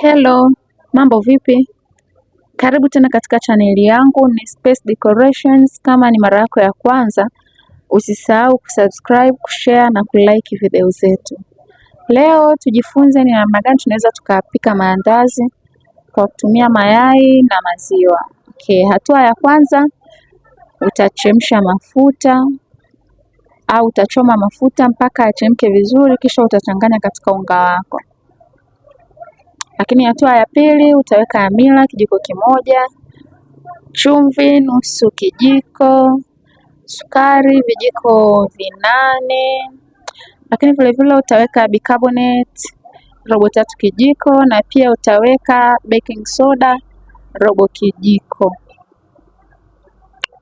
Hello, mambo vipi? Karibu tena katika chaneli yangu ni Space Decorations. Kama ni mara yako ya kwanza, usisahau kusubscribe, kushare na kulike video zetu. Leo tujifunze ni namna gani tunaweza tukapika maandazi kwa kutumia mayai na maziwa. Okay, hatua ya kwanza utachemsha mafuta au utachoma mafuta mpaka yachemke vizuri, kisha utachanganya katika unga wako. Lakini hatua ya pili utaweka hamira kijiko kimoja, chumvi nusu kijiko, sukari vijiko vinane, lakini vilevile utaweka bicarbonate robo tatu kijiko na pia utaweka baking soda robo kijiko.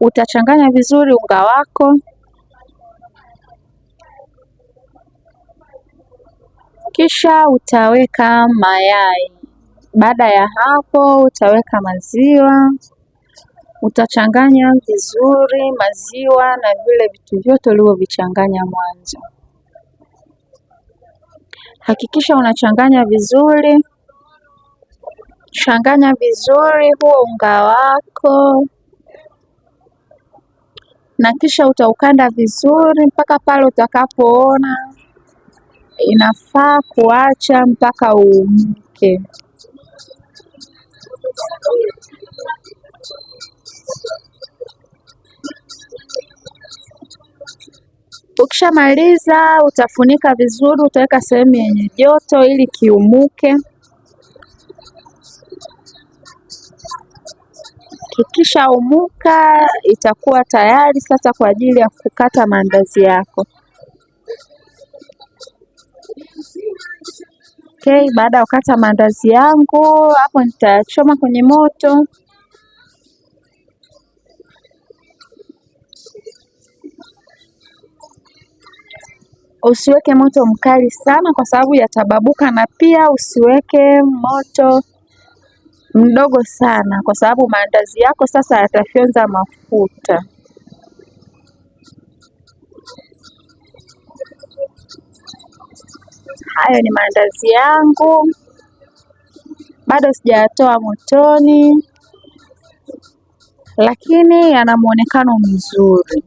Utachanganya vizuri unga wako kisha utaweka mayai. Baada ya hapo utaweka maziwa, utachanganya vizuri maziwa na vile vitu vyote ulivyovichanganya mwanzo. Hakikisha unachanganya vizuri, changanya vizuri huo unga wako na kisha utaukanda vizuri mpaka pale utakapoona inafaa kuacha mpaka uumke. Ukishamaliza utafunika vizuri, utaweka sehemu yenye joto ili kiumuke. Kikishaumuka itakuwa tayari sasa kwa ajili ya kukata maandazi yako. Okay, baada ya kukata maandazi yangu hapo, nitachoma kwenye moto. Usiweke moto mkali sana, kwa sababu yatababuka, na pia usiweke moto mdogo sana, kwa sababu maandazi yako sasa yatafyonza mafuta. Hayo ni maandazi yangu bado sijayatoa motoni, lakini yana muonekano mzuri.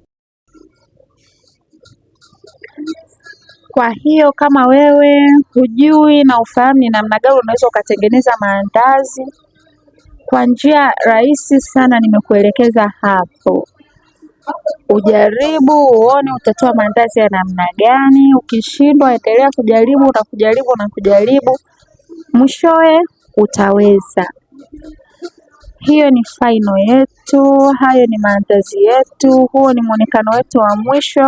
Kwa hiyo kama wewe hujui na ufahamu ni namna gani unaweza ukatengeneza maandazi kwa njia rahisi sana, nimekuelekeza hapo. Ujaribu uone utatoa mandazi ya namna gani. Ukishindwa endelea kujaribu na kujaribu na kujaribu, mwishowe utaweza. Hiyo ni faino yetu, hayo ni mandazi yetu, huo ni mwonekano wetu wa mwisho.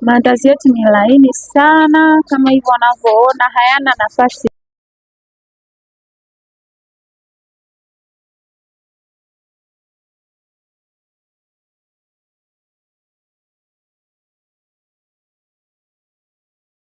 Mandazi yetu ni laini sana kama hivyo unavyoona, hayana nafasi